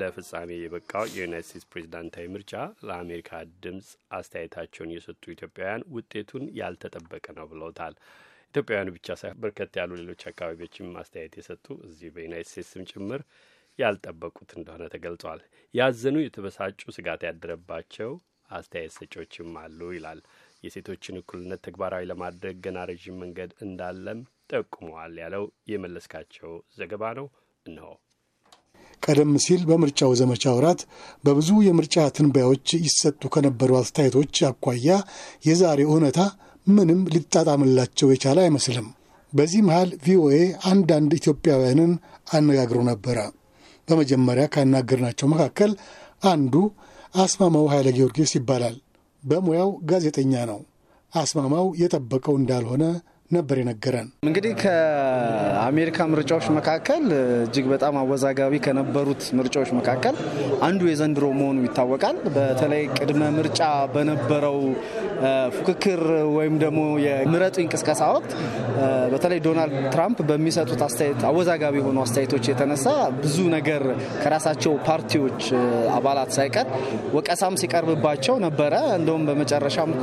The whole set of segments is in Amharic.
ለፍጻሜ የበቃው የዩናይት ስቴትስ ፕሬዚዳንታዊ ምርጫ ለአሜሪካ ድምፅ አስተያየታቸውን የሰጡ ኢትዮጵያውያን ውጤቱን ያልተጠበቀ ነው ብለውታል። ኢትዮጵያውያኑ ብቻ ሳይሆን በርከት ያሉ ሌሎች አካባቢዎችም አስተያየት የሰጡ እዚህ በዩናይት ስቴትስም ጭምር ያልጠበቁት እንደሆነ ተገልጿል። ያዘኑ፣ የተበሳጩ፣ ስጋት ያደረባቸው አስተያየት ሰጪዎችም አሉ ይላል። የሴቶችን እኩልነት ተግባራዊ ለማድረግ ገና ረዥም መንገድ እንዳለም ጠቁመዋል ያለው የመለስካቸው ዘገባ ነው። እንሆ ቀደም ሲል በምርጫው ዘመቻ ወራት በብዙ የምርጫ ትንበያዎች ይሰጡ ከነበሩ አስተያየቶች አኳያ የዛሬ እውነታ ምንም ሊጣጣምላቸው የቻለ አይመስልም። በዚህ መሃል ቪኦኤ አንዳንድ ኢትዮጵያውያንን አነጋግሮ ነበረ። በመጀመሪያ ካናገርናቸው መካከል አንዱ አስማማው ኃይለ ጊዮርጊስ ይባላል። በሙያው ጋዜጠኛ ነው። አስማማው የጠበቀው እንዳልሆነ ነበር የነገረን። እንግዲህ ከአሜሪካ ምርጫዎች መካከል እጅግ በጣም አወዛጋቢ ከነበሩት ምርጫዎች መካከል አንዱ የዘንድሮ መሆኑ ይታወቃል። በተለይ ቅድመ ምርጫ በነበረው ፉክክር ወይም ደግሞ የምረጡ እንቅስቀሳ ወቅት በተለይ ዶናልድ ትራምፕ በሚሰጡት አስተያየት አወዛጋቢ የሆኑ አስተያየቶች የተነሳ ብዙ ነገር ከራሳቸው ፓርቲዎች አባላት ሳይቀር ወቀሳም ሲቀርብባቸው ነበረ። እንደውም በመጨረሻም እኮ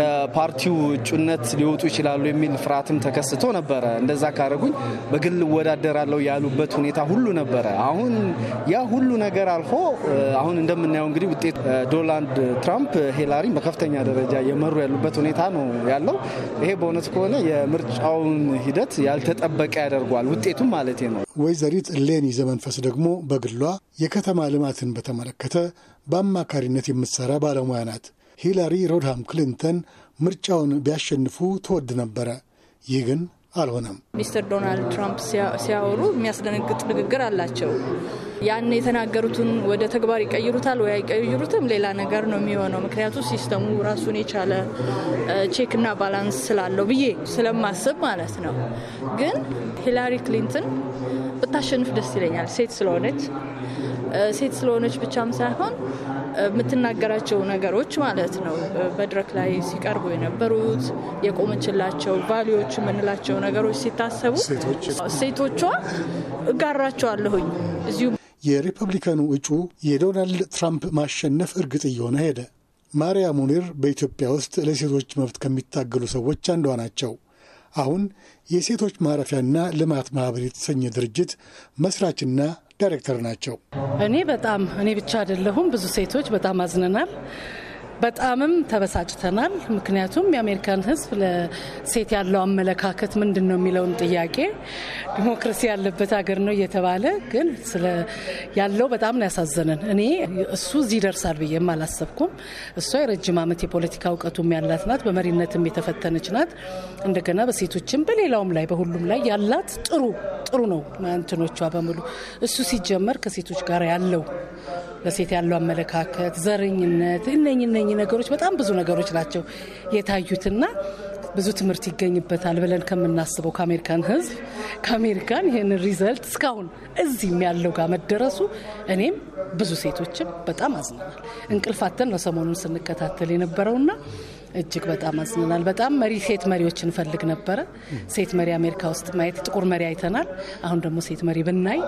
ከፓርቲው እጩነት ሊወጡ ይችላሉ የሚል ፍርሃትም ተከስቶ ነበረ። እንደዛ ካረጉኝ በግል እወዳደራለሁ ያሉበት ሁኔታ ሁሉ ነበረ። አሁን ያ ሁሉ ነገር አልፎ አሁን እንደምናየው እንግዲህ ውጤት ዶናልድ ትራምፕ ሂላሪን በከፍተኛ ደረጃ የመሩ ያሉበት ሁኔታ ነው ያለው። ይሄ በእውነት ከሆነ የምርጫውን ሂደት ያልተጠበቀ ያደርገዋል፣ ውጤቱም ማለት ነው። ወይዘሪት ሌኒ ዘመንፈስ ደግሞ በግሏ የከተማ ልማትን በተመለከተ በአማካሪነት የምትሰራ ባለሙያ ናት። ሂላሪ ሮድሃም ክሊንተን ምርጫውን ቢያሸንፉ ትወድ ነበረ። ይህ ግን አልሆነም። ሚስተር ዶናልድ ትራምፕ ሲያወሩ የሚያስደነግጥ ንግግር አላቸው። ያን የተናገሩትን ወደ ተግባር ይቀይሩታል ወይ አይቀይሩትም፣ ሌላ ነገር ነው የሚሆነው። ምክንያቱ ሲስተሙ ራሱን የቻለ ቼክና ባላንስ ስላለው ብዬ ስለማስብ ማለት ነው። ግን ሂላሪ ክሊንተን ብታሸንፍ ደስ ይለኛል፣ ሴት ስለሆነች ሴት ስለሆነች ብቻም ሳይሆን የምትናገራቸው ነገሮች ማለት ነው። መድረክ ላይ ሲቀርቡ የነበሩት የቆመችላቸው ቫሊዎች የምንላቸው ነገሮች ሲታሰቡ ሴቶቿ እጋራቸዋለሁኝ እዚሁ የሪፐብሊካኑ እጩ የዶናልድ ትራምፕ ማሸነፍ እርግጥ እየሆነ ሄደ። ማሪያ ሙኒር በኢትዮጵያ ውስጥ ለሴቶች መብት ከሚታገሉ ሰዎች አንዷ ናቸው። አሁን የሴቶች ማረፊያና ልማት ማህበር የተሰኘ ድርጅት መስራችና ዳይሬክተር ናቸው። እኔ በጣም እኔ ብቻ አይደለሁም፣ ብዙ ሴቶች በጣም አዝነናል። በጣምም ተበሳጭተናል። ምክንያቱም የአሜሪካን ሕዝብ ለሴት ያለው አመለካከት ምንድን ነው የሚለውን ጥያቄ ዲሞክራሲ ያለበት ሀገር ነው እየተባለ ግን ያለው በጣም ነው ያሳዘነን። እኔ እሱ እዚህ ይደርሳል ብዬም አላሰብኩም። እሷ የረጅም ዓመት የፖለቲካ እውቀቱም ያላት ናት፣ በመሪነትም የተፈተነች ናት። እንደገና በሴቶችም በሌላውም ላይ በሁሉም ላይ ያላት ጥሩ ጥሩ ነው እንትኖቿ በሙሉ እሱ ሲጀመር ከሴቶች ጋር ያለው ለሴት ያለው አመለካከት፣ ዘረኝነት፣ እነኝ እነኝ ነገሮች በጣም ብዙ ነገሮች ናቸው የታዩትና ብዙ ትምህርት ይገኝበታል ብለን ከምናስበው ከአሜሪካን ሕዝብ ከአሜሪካን ይህን ሪዘልት እስካሁን እዚህም ያለው ጋር መደረሱ እኔም ብዙ ሴቶችም በጣም አዝነናል። እንቅልፋተን ነው ሰሞኑን ስንከታተል የነበረውና እጅግ በጣም አዝነናል። በጣም መሪ ሴት መሪዎች እንፈልግ ነበረ። ሴት መሪ አሜሪካ ውስጥ ማየት ጥቁር መሪ አይተናል። አሁን ደግሞ ሴት መሪ ብናይ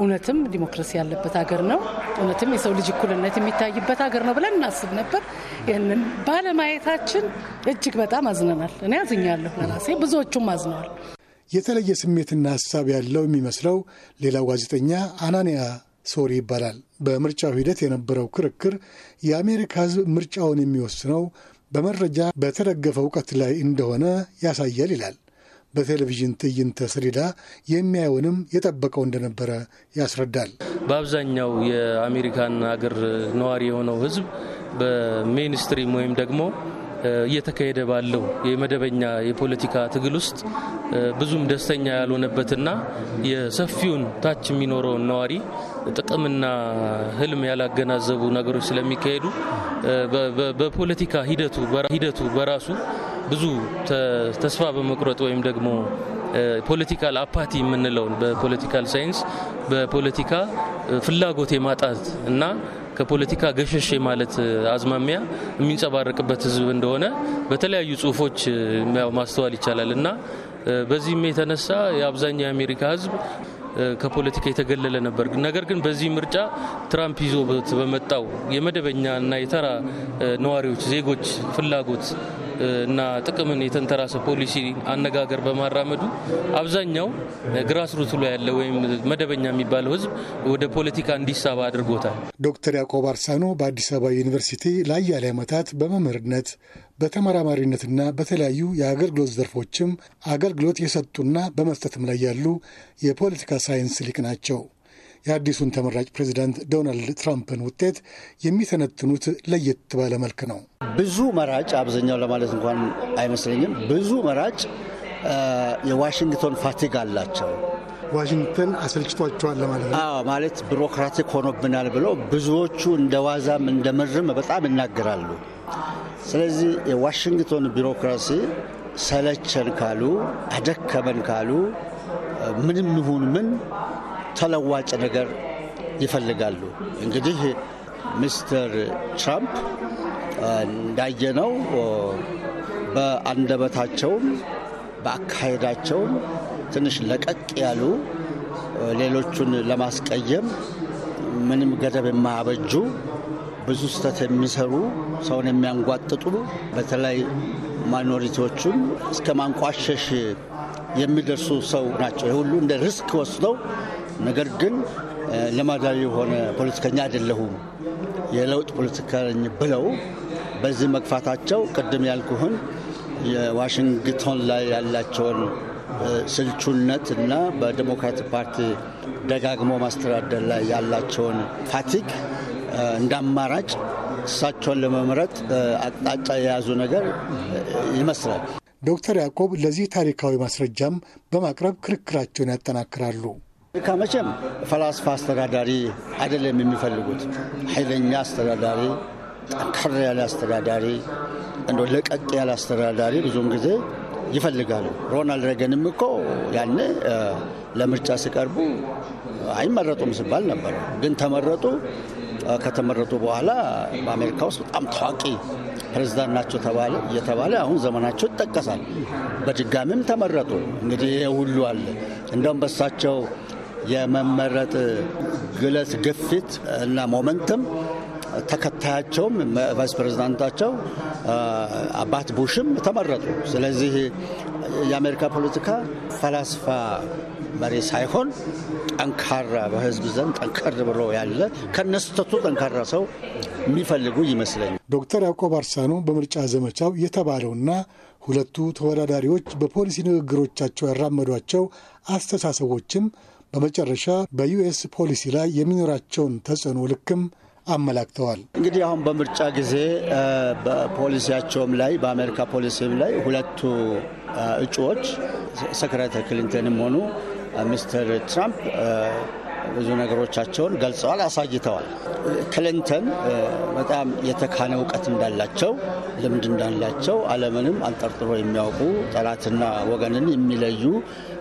እውነትም ዲሞክራሲ ያለበት ሀገር ነው፣ እውነትም የሰው ልጅ እኩልነት የሚታይበት ሀገር ነው ብለን እናስብ ነበር። ይህንን ባለማየታችን እጅግ በጣም አዝነናል። እኔ አዝኛለሁ ለራሴ፣ ብዙዎቹም አዝነዋል። የተለየ ስሜትና ሀሳብ ያለው የሚመስለው ሌላው ጋዜጠኛ አናንያ ሶሪ ይባላል። በምርጫው ሂደት የነበረው ክርክር የአሜሪካ ሕዝብ ምርጫውን የሚወስነው በመረጃ በተደገፈ እውቀት ላይ እንደሆነ ያሳያል ይላል። በቴሌቪዥን ትዕይንተ ስሪዳ የሚያየውንም የጠበቀው እንደነበረ ያስረዳል። በአብዛኛው የአሜሪካን አገር ነዋሪ የሆነው ሕዝብ በሜንስትሪም ወይም ደግሞ እየተካሄደ ባለው የመደበኛ የፖለቲካ ትግል ውስጥ ብዙም ደስተኛ ያልሆነበትና የሰፊውን ታች የሚኖረውን ነዋሪ ጥቅምና ህልም ያላገናዘቡ ነገሮች ስለሚካሄዱ በፖለቲካ ሂደቱ በራሱ ብዙ ተስፋ በመቁረጥ ወይም ደግሞ ፖለቲካል አፓቲ የምንለውን በፖለቲካል ሳይንስ በፖለቲካ ፍላጎት የማጣት እና ከፖለቲካ ገሸሽ ማለት አዝማሚያ የሚንጸባረቅበት ህዝብ እንደሆነ በተለያዩ ጽሁፎች ማስተዋል ይቻላል እና በዚህም የተነሳ የአብዛኛው የአሜሪካ ህዝብ ከፖለቲካ የተገለለ ነበር። ነገር ግን በዚህ ምርጫ ትራምፕ ይዞበት በመጣው የመደበኛ እና የተራ ነዋሪዎች ዜጎች ፍላጎት እና ጥቅምን የተንተራሰ ፖሊሲ አነጋገር በማራመዱ አብዛኛው ግራስሩት ላይ ያለ ወይም መደበኛ የሚባለው ህዝብ ወደ ፖለቲካ እንዲሳባ አድርጎታል። ዶክተር ያዕቆብ አርሳኖ በአዲስ አበባ ዩኒቨርሲቲ ለአያሌ ዓመታት በመምህርነት በተመራማሪነትና በተለያዩ የአገልግሎት ዘርፎችም አገልግሎት የሰጡና በመስጠትም ላይ ያሉ የፖለቲካ ሳይንስ ሊቅ ናቸው። የአዲሱን ተመራጭ ፕሬዚዳንት ዶናልድ ትራምፕን ውጤት የሚተነትኑት ለየት ባለ መልክ ነው። ብዙ መራጭ አብዛኛው ለማለት እንኳን አይመስለኝም። ብዙ መራጭ የዋሽንግቶን ፋቲግ አላቸው። ዋሽንግተን አሰልችቷቸዋል ለማለት ነው። ማለት ቢሮክራቲክ ሆኖብናል ብለው ብዙዎቹ እንደ ዋዛም እንደ ምርም በጣም ይናገራሉ። ስለዚህ የዋሽንግቶን ቢሮክራሲ ሰለቸን ካሉ አደከመን ካሉ ምንም ይሁን ምን ተለዋጭ ነገር ይፈልጋሉ። እንግዲህ ሚስተር ትራምፕ እንዳየነው በአንደበታቸውም በአካሄዳቸውም ትንሽ ለቀቅ ያሉ ሌሎቹን ለማስቀየም ምንም ገደብ የማያበጁ ብዙ ስህተት የሚሰሩ ሰውን የሚያንጓጥጡ በተለይ ማይኖሪቲዎቹን እስከ ማንቋሸሽ የሚደርሱ ሰው ናቸው። ይህ ሁሉ እንደ ሪስክ ወስደው ነገር ግን ልማዳዊ የሆነ ፖለቲከኛ አይደለሁም የለውጥ ፖለቲከኛ ብለው በዚህ መግፋታቸው ቅድም ያልኩህን የዋሽንግቶን ላይ ያላቸውን ስልቹነት እና በዲሞክራቲክ ፓርቲ ደጋግሞ ማስተዳደር ላይ ያላቸውን ፋቲግ እንዳማራጭ አማራጭ እሳቸውን ለመምረጥ አቅጣጫ የያዙ ነገር ይመስላል። ዶክተር ያዕቆብ ለዚህ ታሪካዊ ማስረጃም በማቅረብ ክርክራቸውን ያጠናክራሉ። አሜሪካ መቼም ፈላስፋ አስተዳዳሪ አይደለም የሚፈልጉት። ኃይለኛ አስተዳዳሪ፣ ጠንካራ ያለ አስተዳዳሪ፣ እንደ ለቀቅ ያለ አስተዳዳሪ ብዙውን ጊዜ ይፈልጋሉ። ሮናልድ ሬገንም እኮ ያኔ ለምርጫ ሲቀርቡ አይመረጡም ሲባል ነበር ግን ተመረጡ። ከተመረጡ በኋላ በአሜሪካ ውስጥ በጣም ታዋቂ ፕሬዚዳንት ናቸው እየተባለ አሁን ዘመናቸው ይጠቀሳል። በድጋሚም ተመረጡ። እንግዲህ ይሄ ሁሉ አለ። እንደውም በሳቸው የመመረጥ ግለት ግፊት እና ሞመንትም ተከታያቸውም ቫይስ ፕሬዚዳንታቸው አባት ቡሽም ተመረጡ። ስለዚህ የአሜሪካ ፖለቲካ ፈላስፋ መሪ ሳይሆን ጠንካራ በህዝብ ዘንድ ጠንከር ብሎ ያለ ከነስተቱ ጠንካራ ሰው የሚፈልጉ ይመስለኛል። ዶክተር ያዕቆብ አርሳኖ በምርጫ ዘመቻው የተባለውና ሁለቱ ተወዳዳሪዎች በፖሊሲ ንግግሮቻቸው ያራመዷቸው አስተሳሰቦችም በመጨረሻ በዩኤስ ፖሊሲ ላይ የሚኖራቸውን ተጽዕኖ ልክም አመላክተዋል። እንግዲህ አሁን በምርጫ ጊዜ በፖሊሲያቸውም ላይ በአሜሪካ ፖሊሲም ላይ ሁለቱ እጩዎች ሴክሬተሪ ክሊንተንም ሆኑ ሚስተር ትራምፕ ብዙ ነገሮቻቸውን ገልጸዋል፣ አሳይተዋል። ክሊንተን በጣም የተካነ እውቀት እንዳላቸው፣ ልምድ እንዳላቸው ዓለምንም አንጠርጥሮ የሚያውቁ ጠላትና ወገንን የሚለዩ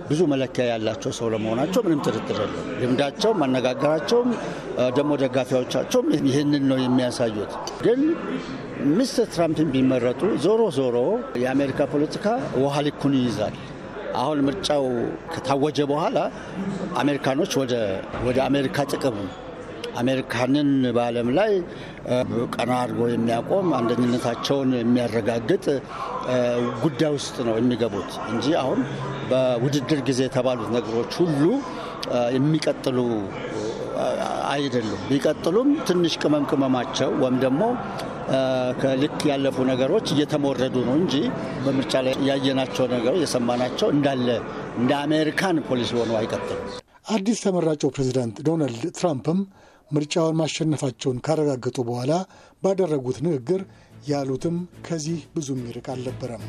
ብዙ መለኪያ ያላቸው ሰው ለመሆናቸው ምንም ጥርጥር የለም። ልምዳቸው፣ አነጋገራቸውም ደግሞ ደጋፊዎቻቸውም ይህንን ነው የሚያሳዩት። ግን ሚስተር ትራምፕን ቢመረጡ ዞሮ ዞሮ የአሜሪካ ፖለቲካ ውሃ ልኩን ይይዛል። አሁን ምርጫው ከታወጀ በኋላ አሜሪካኖች ወደ አሜሪካ ጥቅም አሜሪካንን በዓለም ላይ ቀና አድርጎ የሚያቆም አንደኝነታቸውን የሚያረጋግጥ ጉዳይ ውስጥ ነው የሚገቡት እንጂ አሁን በውድድር ጊዜ የተባሉት ነገሮች ሁሉ የሚቀጥሉ አይደሉም። ቢቀጥሉም ትንሽ ቅመም ቅመማቸው ወይም ደግሞ ከልክ ያለፉ ነገሮች እየተሞረዱ ነው እንጂ በምርጫ ላይ ያየናቸው ነገሮች የሰማናቸው እንዳለ እንደ አሜሪካን ፖሊሲ ሆኖ አይቀጥሉም። አዲስ ተመራጩ ፕሬዚዳንት ዶናልድ ትራምፕም ምርጫውን ማሸነፋቸውን ካረጋገጡ በኋላ ባደረጉት ንግግር ያሉትም ከዚህ ብዙ ሚርቅ አልነበረም።